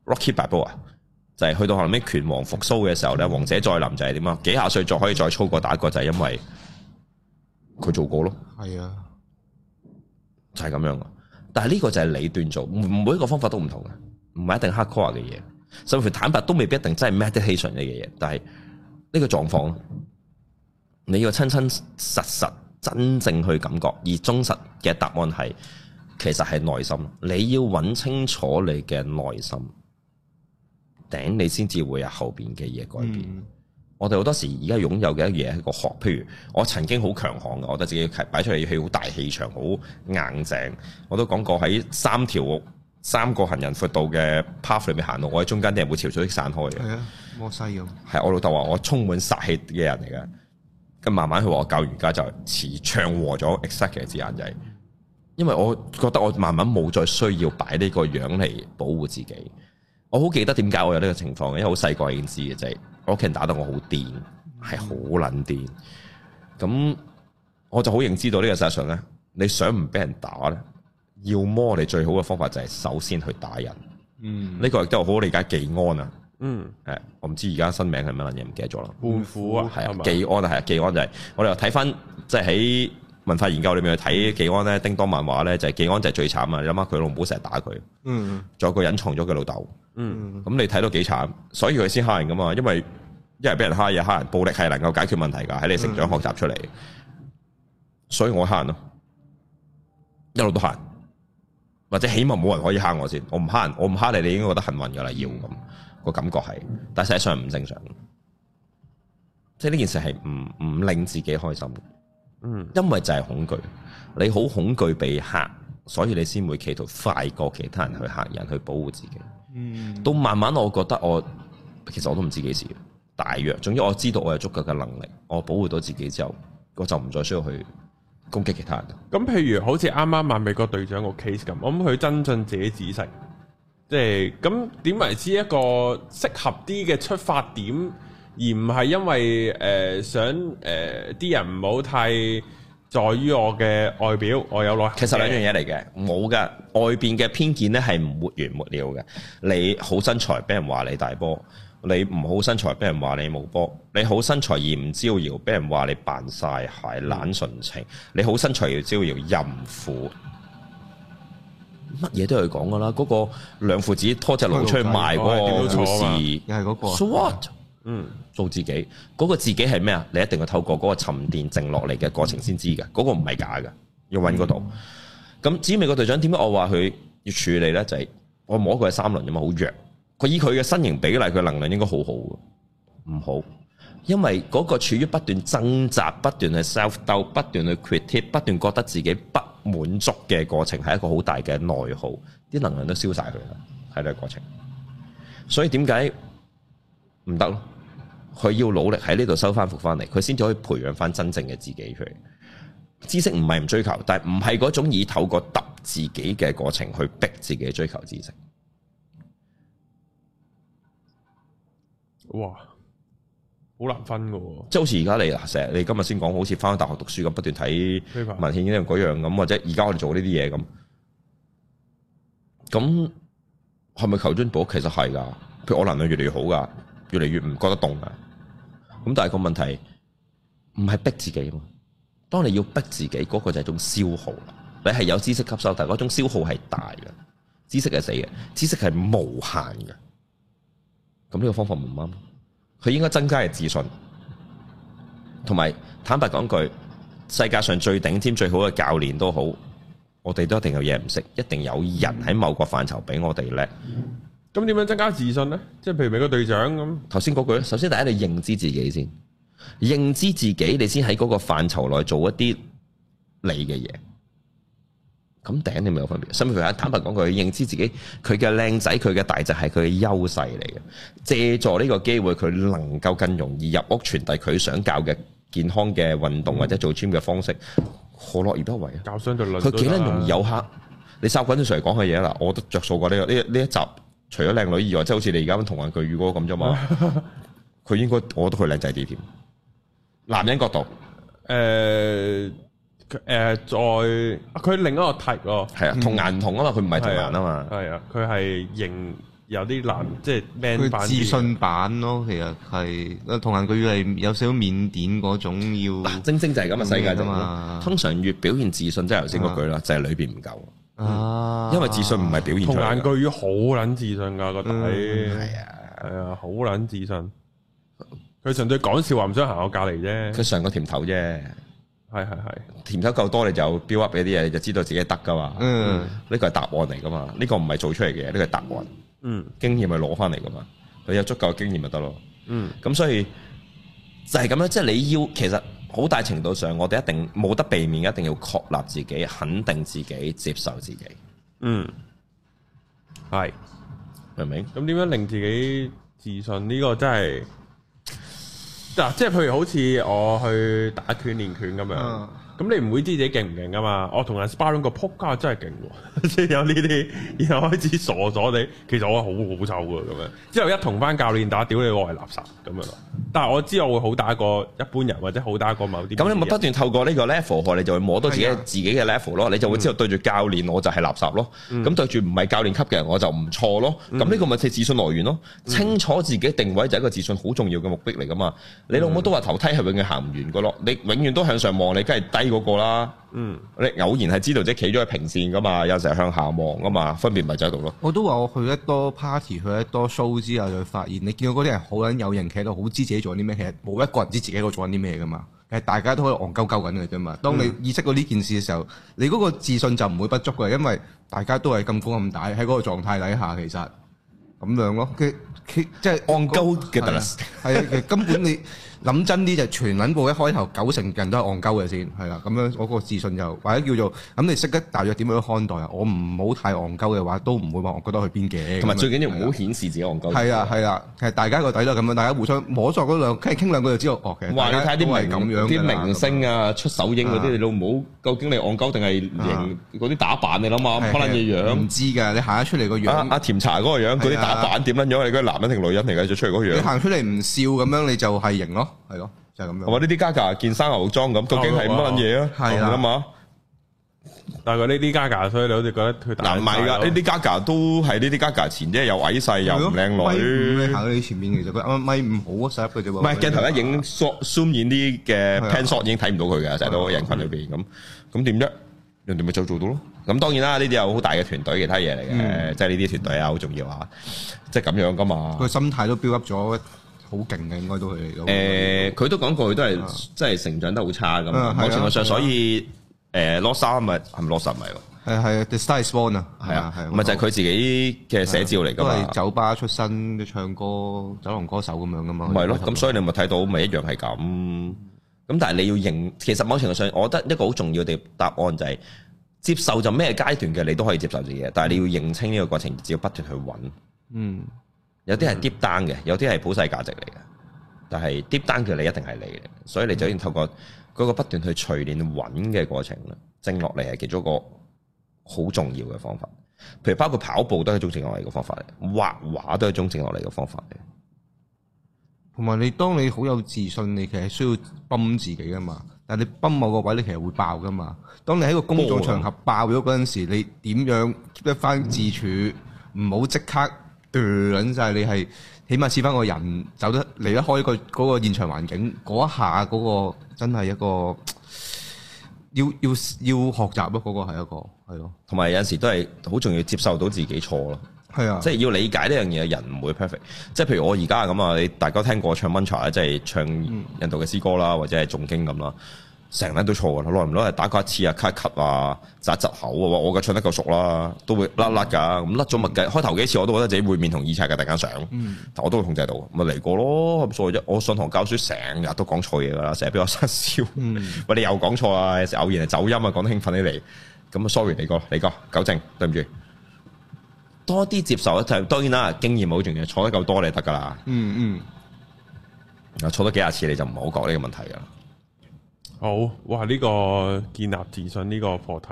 ，Rocky Bible 啊，就係去到後尾拳王復甦嘅時候咧，王者再臨就係點啊？幾下歲再可以再操過打過，就係、是、因為佢做過咯。係啊。就係咁樣嘅。但係呢個就係你鍛做，每每一個方法都唔同嘅，唔係一定 hard core 嘅嘢，甚至乎坦白都未必一定真係 meditation 呢嘅嘢。但係呢個狀況，你要親親實實實真正去感覺，而忠實嘅答案係，其實係內心。你要揾清楚你嘅內心頂，你先至會有後邊嘅嘢改變。嗯我哋好多時而家擁有嘅一嘢係個殼，譬如我曾經好強悍嘅，我覺得自己擺出嚟係好大氣場、好硬淨。我都講過喺三條三個行人闊道嘅 path 裏面行路，我喺中間啲人會潮水散開嘅。係啊，冇勢用。係我老豆話我充滿殺氣嘅人嚟嘅，咁慢慢佢話我教瑜伽，就似祥和咗 exactly 字眼仔。因為我覺得我慢慢冇再需要擺呢個樣嚟保護自己。我好記得點解我有呢個情況，因為好細個已經知嘅，就係我屋企人打得我好癲，係好撚癲。咁我就好認知道呢個事實上咧，你想唔俾人打咧，要麼我哋最好嘅方法就係首先去打人。嗯，呢個亦都好理解。技安、嗯嗯、啊，嗯，誒、啊就是，我唔知而家新名係乜嘢，唔記得咗啦。半虎啊，係啊，技安啊，係啊，技安就係我哋又睇翻，即係喺文化研究裏面去睇技安咧，叮當漫畫咧就係、是、技安就係最慘啊！你諗下佢老母成日打佢，嗯，仲有個隱藏咗佢老豆，嗯，咁你睇到幾慘，所以佢先蝦人㗎嘛，因為因為俾人蝦嘢，蝦人暴力係能夠解決問題㗎，喺你成長學習出嚟，嗯、所以我蝦人咯，一路都蝦人，或者起碼冇人可以蝦我先，我唔蝦人，我唔蝦你，你應該覺得幸運㗎啦，要咁、那個感覺係，但實際上唔正常，即係呢件事係唔唔令自己開心。嗯，因為就係恐懼，你好恐懼被嚇，所以你先會企圖快過其他人去嚇人去保護自己。嗯，到慢慢我覺得我其實我都唔知幾時，大約，總之我知道我有足夠嘅能力，我保護到自己之後，我就唔再需要去攻擊其他人。咁譬如，好似啱啱話美國隊長個 case 咁，我諗佢增進自己知識，即係咁點為之一個適合啲嘅出發點。而唔係因為誒、呃、想誒啲、呃、人唔好太在於我嘅外表，我有耐其實兩樣嘢嚟嘅。冇噶外邊嘅偏見咧係沒完沒了嘅。你好身材，俾人話你大波；你唔好身材，俾人話你冇波。你好身材而唔招搖，俾人話你扮晒鞋懶純情；你好身材而要招搖淫婦，乜嘢都係講噶啦。嗰、那個兩父子拖隻驢出去賣嗰個點做事，又係嗰、那個 so 嗯，做自己嗰個自己係咩啊？你一定要透過嗰個沉澱靜落嚟嘅過程先知嘅，嗰個唔係假嘅，要揾嗰度。咁至於美國隊長點解我話佢要處理呢？就係我摸佢係三輪啫嘛，好弱。佢以佢嘅身形比例，佢能量應該好好嘅，唔好，因為嗰個處於不斷掙扎、不斷去 self-doubt，不斷去 critic、不斷覺得自己不滿足嘅過程，係一個好大嘅內耗，啲能量都消晒佢啦，係呢個過程。所以點解唔得咯？佢要努力喺呢度收翻覆翻嚟，佢先至可以培養翻真正嘅自己出嚟。知識唔係唔追求，但係唔係嗰種以透過揼自己嘅過程去逼自己追求知識。哇，好難分噶，即係好似而家你嗱，成日你今日先講好似翻大學讀書咁，不斷睇文獻一樣嗰樣咁，或者而家我哋做呢啲嘢咁，咁係咪求進步？其實係噶，譬如我能量越嚟越好噶，越嚟越唔覺得凍啊。咁但係個問題唔係逼自己嘛？當你要逼自己，嗰、那個就係一種消耗，你係有知識吸收，但係嗰種消耗係大嘅。知識係死嘅，知識係無限嘅。咁呢個方法唔啱，佢應該增加嘅自信。同埋坦白講句，世界上最頂尖最好嘅教練都好，我哋都一定有嘢唔識，一定有人喺某個範疇比我哋叻。咁點樣增加自信呢？即係譬如個隊長咁，頭先嗰句，首先第一你認知自己先，認知自己你先喺嗰個範疇內做一啲你嘅嘢。咁第一你咪有分別。甚至乎坦白講句，認知自己佢嘅靚仔、佢嘅大隻係佢嘅優勢嚟嘅。藉助呢個機會，佢能夠更容易入屋傳遞佢想教嘅健康嘅運動、嗯、或者做 gym 嘅方式，何樂而不為啊？教相對佢幾撚容易有客？啊、你收緊啲上嚟講嘅嘢啦，我都着數過呢個呢呢一集。除咗靚女以外，嗯、即係好似你而家咁童顏巨乳嗰個咁啫嘛，佢 應該我都佢靚仔啲添。男人角度，誒誒、呃呃，再佢、啊、另一個 type 咯，係啊，童顏同啊嘛，佢唔係童顏啊嘛，係、嗯、啊，佢係型有啲男，即係版、自信版咯，其實係，誒，童顏巨乳係有少少靦腆嗰種要、啊，晶晶就係咁嘅世界啫嘛，通常越表現自信，即係頭先嗰句啦、啊啊，就係、是、裏邊唔夠。啊、嗯！因為自信唔係表現出來嘅。同眼龜魚好卵自信噶個體。係、嗯、啊，係、嗯、啊，好卵自信。佢純粹講笑話，唔想行我隔籬啫。佢上個甜頭啫。係係係。甜頭夠多你 build，你就 build up 俾啲嘢，就知道自己得噶嘛。嗯。呢個係答案嚟噶嘛？呢、這個唔係做出嚟嘅，呢個係答案。嗯。經驗咪攞翻嚟噶嘛？佢有足夠經驗咪得咯。嗯。咁所以就係咁樣，即係你要其實。好大程度上，我哋一定冇得避免，一定要確立自己、肯定自己、接受自己。嗯，係是明唔明？咁點樣令自己自信？呢個真係嗱、啊，即係譬如好似我去打拳練拳咁樣。啊咁你唔會知自己勁唔勁噶嘛？我同阿 Sparring 個撲街真係勁喎，即有呢啲，然後開始傻傻地。其實我好好醜噶咁樣，之後一同班教練打，屌你我係垃圾咁樣。但係我知我會好打過一般人，或者好打過某啲。咁你咪不斷透過呢個 level 你就會摸到自己自己嘅 level 咯的。你就會知道對住教練我就係垃圾咯。咁、嗯、對住唔係教練級嘅人我就唔錯咯。咁呢、嗯、個咪即係自信來源咯。嗯、清楚自己定位就係一個自信好重要嘅目的嚟噶嘛。嗯、你老母都話，投梯係永遠行唔完噶咯。你永遠都向上望，你梗係低。嗰個啦，嗯，你偶然係知道即係企咗喺平線噶嘛，有時候向下望噶嘛，分別咪就喺度咯。我都話我去得多 party，去得多 show 之後，就發現你見到嗰啲人好撚有人企到好知自己做啲咩，其實冇一個人知自己喺度做緊啲咩噶嘛，其實大家都可以戇鳩鳩緊嘅啫嘛。當你意識到呢件事嘅時候，你嗰個自信就唔會不足嘅，因為大家都係咁高咁大喺嗰個狀態底下其，其實咁樣咯，即係戇鳩嘅特色。其實根本你。 諗真啲就全撚部一開頭九成人都係戇鳩嘅先，係啦，咁樣我個自信又或者叫做咁你識得大約點樣看待啊？我唔好太戇鳩嘅話，都唔會話我覺得去邊嘅。同埋最緊要唔好顯示自己戇鳩。係啊係啊，其實大家個底啦咁樣，大家互相摸索嗰兩，跟傾兩句就知道哦你睇啲啲明星啊、出首映嗰啲，你都唔好究竟你戇鳩定係型？嗰啲打扮你諗下，可能嘅樣。唔知㗎，你行出嚟個樣，阿甜茶嗰個樣，嗰啲打扮點樣樣？你個男人定女人嚟嘅？再出嚟嗰樣。你行出嚟唔笑咁樣，你就係型咯。係咯，就係咁樣。我話呢啲 Gaga 見生牛裝咁，究竟係乜嘢啊？係啊，但係佢呢啲 Gaga，所以你好似覺得難賣噶。呢啲 Gaga 都係呢啲 Gaga 前啫，又矮細又唔靚女。米唔行喺前面，其實佢啱米唔好啊，細粒嘅啫。唔係鏡頭一影 short zoom 影啲嘅 pan shot 已經睇唔到佢嘅，成日都喺人群裏邊咁。咁點啫？人哋咪做做到咯。咁當然啦，呢啲有好大嘅團隊，其他嘢嚟嘅，即係呢啲團隊啊，好重要啊，即係咁樣噶嘛。個心態都 build up 咗。好勁嘅，應該都係嚟到。誒，佢都講過，佢都係即係成長得好差咁。某程度上，所以誒落沙咪係落十咪喎。誒係，A Star Is Born 啊，係啊，係。咪就係佢自己嘅寫照嚟㗎嘛。酒吧出身，嘅唱歌、酒廊歌手咁樣㗎嘛。係咯，咁所以你咪睇到，咪一樣係咁。咁但係你要認，其實某程度上，我覺得一個好重要嘅答案就係接受就咩階段嘅，你都可以接受自己。但係你要認清呢個過程，只要不斷去揾。嗯。有啲係 deep down 嘅，有啲係普世價值嚟嘅。但係 deep down 嘅你一定係你嘅，所以你就要透過嗰個不斷去錘鍊揾嘅過程啦，靜落嚟係其中一個好重要嘅方法。譬如包括跑步都係一種靜落嚟嘅方法嚟，畫畫都係一種靜落嚟嘅方法嚟。同埋你當你好有自信，你其實需要泵自己噶嘛。但係你泵某個位，你其實會爆噶嘛。當你喺一個工作場合爆咗嗰陣時，你點樣 keep 得翻自處，唔好即刻。越撚曬你係起碼試翻個人，走得離得開個嗰個現場環境，嗰一下嗰個真係一個要要要學習咯，嗰、嗰個係一個係咯。同埋有陣時都係好重要，接受到自己錯咯。係啊的，即係要理解呢樣嘢，人唔會 perfect。即係譬如我而家咁啊，你大家聽過唱 mantra，即係唱印度嘅詩歌啦，或者係誦經咁啦。成日都錯啊！耐唔耐係打過一次啊？卡吸啊，扎一口啊！我嘅唱得夠熟啦，都會甩甩噶。咁甩咗咪嘅，開頭幾次我都覺得自己會面紅耳赤嘅，大家想，嗯、但我都控制到。咪嚟過咯，再啫。我信堂教書成日都講錯嘢噶啦，成日俾我失笑。嗯、喂，你又講錯啊！偶然係走音啊，講得興奮起嚟。咁啊，sorry 你哥，你哥，糾正，對唔住。多啲接受一啊！當然啦，經驗好重要，坐得夠多你就得噶啦。嗯嗯。啊，坐多幾廿次你就唔好講呢個問題噶啦。好，哇！呢、這個建立自信呢個課題，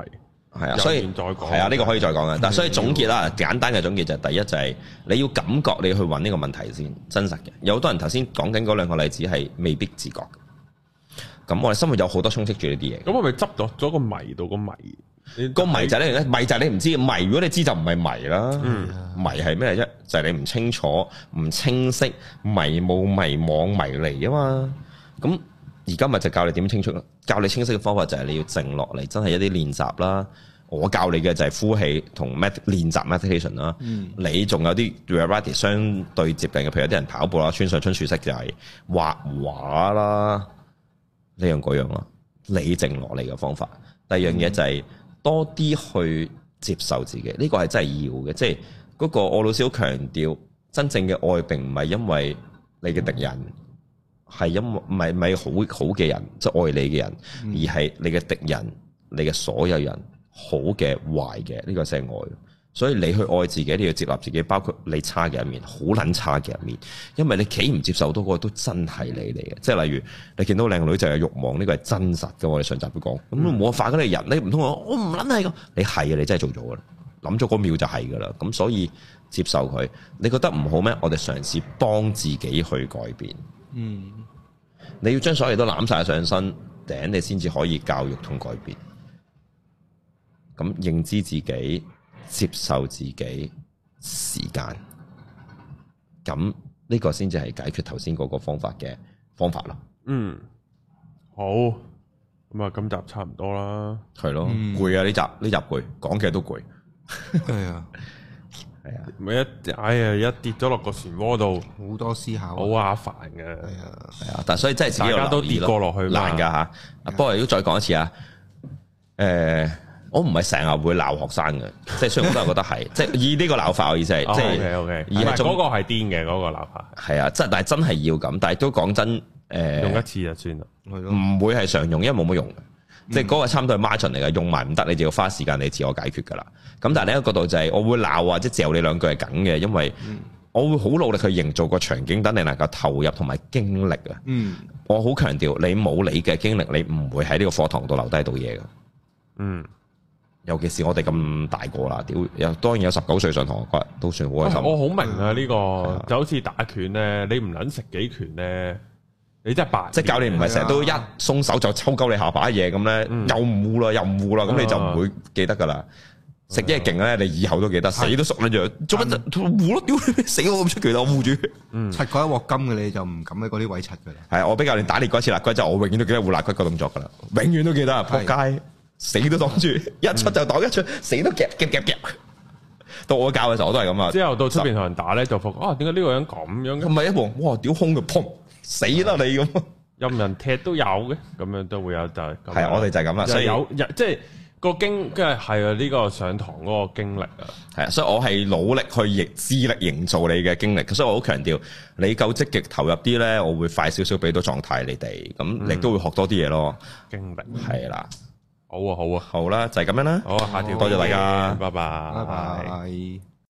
係啊，所以係啊，呢、這個可以再講嘅。但、mm hmm. 所以總結啦，簡單嘅總結就係、是，第一就係、是、你要感覺你去揾呢個問題先真實嘅。有好多人頭先講緊嗰兩個例子係未必自覺嘅。咁我哋生活有好多充斥住呢啲嘢。咁我咪執到咗個迷到個迷。個迷就係咧，迷就係你唔知迷。如果你知就唔係迷啦。嗯、迷迷係咩啫？就係、是、你唔清楚、唔清晰、迷霧、迷惘、迷離啊嘛。咁。而今日就教你點清楚，教你清晰嘅方法就係你要靜落嚟，真係一啲練習啦。我教你嘅就係呼氣同練習 meditation 啦。你仲有啲相對接近嘅，譬如有啲人跑步啦，村上春樹式就係畫畫啦，呢樣嗰樣啦。你靜落嚟嘅方法。第二樣嘢就係多啲去接受自己，呢個係真係要嘅，即係嗰個我老師好強調，真正嘅愛並唔係因為你嘅敵人。係因為係唔係好好嘅人，即係愛你嘅人，而係你嘅敵人，你嘅所有人，好嘅壞嘅，呢個先係愛。所以你去愛自己，你要接納自己，包括你差嘅一面，好撚差嘅一面。因為你企唔接受到個都真係你嚟嘅，即係例如你見到個靚女就有欲望，呢個係真實嘅。我哋上集都講，咁冇法嗰啲人，你唔通我我唔撚係噶？你係啊，你真係做咗噶啦，諗咗嗰秒就係噶啦。咁所以接受佢，你覺得唔好咩？我哋嘗試幫自己去改變。嗯，你要將所有嘢都攬晒上身頂，你先至可以教育同改變。咁認知自己，接受自己，時間，咁呢個先至係解決頭先嗰個方法嘅方法咯。嗯，好，咁啊，今集差唔多啦。係咯了，攰啊，呢集，呢集攰，講嘅都攰。係啊。 係啊，咪一哎呀，一跌咗落個漩渦度，好多思考，好阿煩嘅。係啊，係啊，但所以真係大家都跌過落去，難噶吓。不過如果再講一次啊，誒，我唔係成日會鬧學生嘅，即係雖然我都係覺得係，即係以呢個鬧法，我意思係，即係，O K O K，而係嗰個係癲嘅，嗰個鬧法係啊，即係但係真係要咁，但係都講真，誒，用一次就算啦，唔會係常用，因為冇乜用。嗯、即係嗰個差唔多係 margin 嚟嘅，用埋唔得，你就要花時間你自我解決㗎啦。咁但係另一個角度就係，我會鬧或者係嚼你兩句係梗嘅，因為我會好努力去營造個場景，等你能夠投入同埋經歷啊。嗯、我好強調，你冇你嘅經歷，你唔會喺呢個課堂度留低到嘢嘅。嗯，尤其是我哋咁大個啦，屌又當然有十九歲上堂，個都算好開心。我好明啊，呢、呢個、嗯、就好似打拳咧，你唔撚食幾拳咧。你真係白，即係教練唔係成日都一鬆手就抽鳩你下巴一嘢咁咧，又唔護啦，又唔護啦，咁你就唔會記得噶啦。食嘢係勁咧，你以後都記得，死都熟啦，仲做乜啫？護咯，屌你死我咁出奇啦，我護住，柒嗰一鑊金嘅你就唔敢喺嗰啲位柒噶啦。係啊，我俾教練打裂嗰次肋骨就，我永遠都記得護肋骨個動作噶啦，永遠都記得，撲街死都擋住，一出就擋，一出死都夾夾夾夾。到我教嘅時候我都係咁啊。之後到出邊同人打咧就撲，啊，點解呢個人咁樣嘅？唔係一望，哇，屌空嘅。」砰。死啦你咁，任人踢都有嘅，咁樣都會有就係。係我哋就係咁啦，所以，所以有即係個經，即係係啊呢個上堂嗰個經歷啊。係啊，所以我係努力去營資力營造你嘅經歷，所以我好強調，你夠積極投入啲咧，我會快少少俾到狀態你哋，咁你都會學多啲嘢咯。嗯、經歷係啦，好啊，好啊好啊好啦，就係咁樣啦。好啊，下條多謝大家，拜拜拜拜。